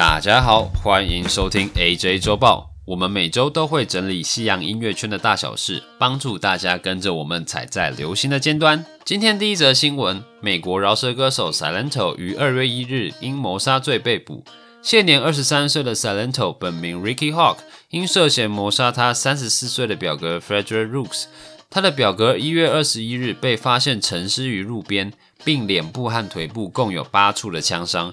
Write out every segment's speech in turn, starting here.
大家好，歡迎收聽 AJ 週報。我們每周都會整理西洋音樂圈的大小事，幫助大家跟着我們踩在流行的尖端。今天第一則新聞：美國饒舌歌手 Silento 於二月一日因謀殺罪被捕。現年二十三歲的 Silento 本名 Ricky Hawk，因涉嫌謀殺他三十四歲的表哥 Frederick Rooks。他的表哥一月二十一日被發現陳屍於路邊，並臉部和腿部共有八處的槍傷。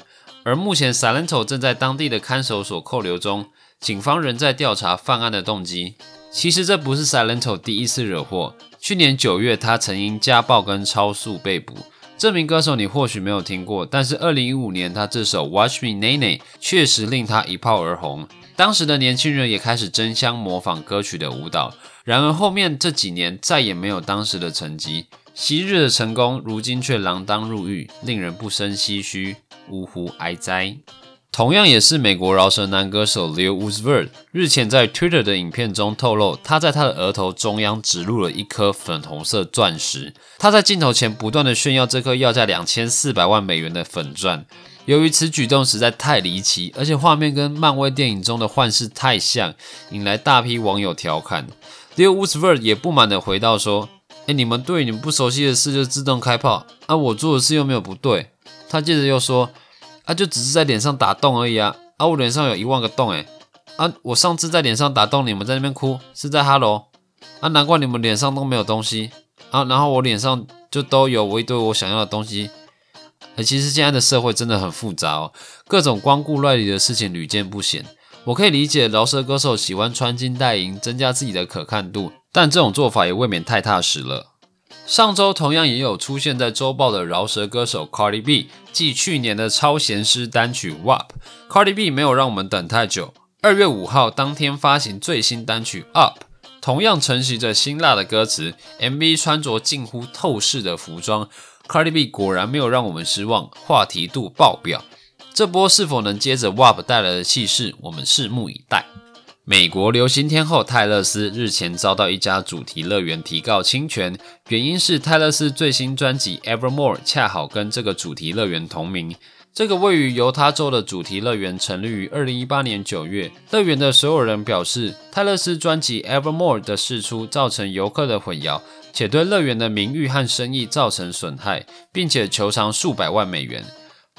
而目前，Silento 正在當地的看守所扣留中，警方仍在調查犯案的動機。其實，這不是 Silento 第一次惹禍。去年九月，他曾因家暴跟超速被捕。這名歌手你或許沒有聽過，但是二零一五年他這首《Watch Me Nae Nae》Nanny 確實令他一炮而紅，當時的年輕人也開始爭相模仿歌曲的舞蹈。然而，後面這幾年再也沒有當時的成績。昔日的成功，如今卻鋃鐺入獄，令人不勝唏噓，嗚呼哀哉。同樣也是美國饒舌男歌手 Lil Uzi Vert 日前在 Twitter 的影片中透露，他在他的額頭中央植入了一顆粉紅色鑽石。他在鏡頭前不斷地炫耀這顆要價兩千四百萬美元的粉鑽。由於此舉動實在太離奇，而且畫面跟漫威電影中的幻視太像，引來大批網友調侃。Lil Uzi Vert 也不滿地回道說，哎、欸，你們對你們不熟悉的事就自動開炮，啊，我做的事又沒有不對。他接着又說，啊，就只是在臉上打洞而已啊，啊，我臉上有一萬個洞誒、欸。啊，我上次在臉上打洞，你們在那邊哭，是在哈嘍，啊，難怪你們臉上都沒有東西啊，然後我臉上就都有我一堆我想要的東西。而、欸、其實現在的社會真的很複雜哦，各種光怪陸離的事情屢見不鮮。我可以理解饒舌歌手喜歡穿金戴銀，增加自己的可看度。但這種做法也未免太踏實了。上週同樣也有出現在週報的饒舌歌手 Cardi B，繼去年的超鹹濕單曲《WAP》，Cardi B 沒有讓我們等太久，二月五號當天發行最新單曲《Up》，同樣承襲着辛辣的歌詞，MV 穿着近乎透視的服裝，Cardi B 果然沒有讓我們失望，話題度爆表。這波是否能接着《WAP》帶來的氣勢，我們拭目以待。美國流行天后泰勒斯日前遭到一家主題樂園提告侵權，原因是泰勒斯最新專輯《Evermore》恰好跟這個主題樂園同名。這個位於猶他州的主題樂園成立於二零一八年九月。樂園的所有人表示，泰勒斯專輯《Evermore》的釋出造成遊客的混淆，且對樂園的名譽和生意造成損害，並且求償數百萬美元。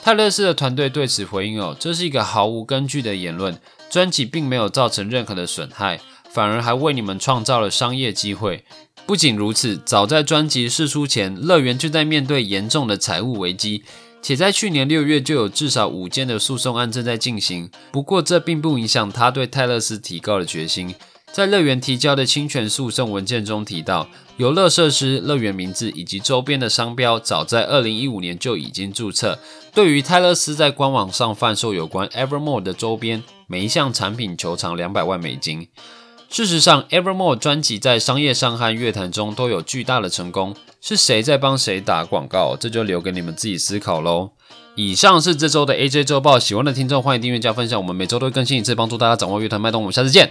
泰勒斯的團隊對此回應：“哦，這是一個毫無根據的言論。”專輯並沒有造成任何的損害，反而還為你們創造了商業機會。不僅如此，早在專輯釋出前，樂園就在面對嚴重的財務危機，且在去年六月就有至少五件的訴訟案正在進行。不過，這並不影響他對泰勒斯提告的決心。在樂園提交的侵權訴訟文件中提到，遊樂設施、樂園名字以及周邊的商標，早在二零一五年就已經注冊。對於泰勒斯在官網上販售有關 Evermore 的周邊，每一項產品求償兩百萬美金。事實上，《Evermore》專輯在商業上和樂壇中都有巨大的成功。是誰在幫誰打廣告？這就留給你們自己思考嘍。以上是這週的《AJ 週報》，喜歡的聽眾歡迎訂閱加分享。我們每週都會更新一次，幫助大家掌握樂壇脈動。我們下次見。